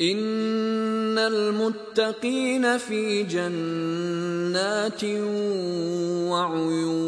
ان المتقين في جنات وعيون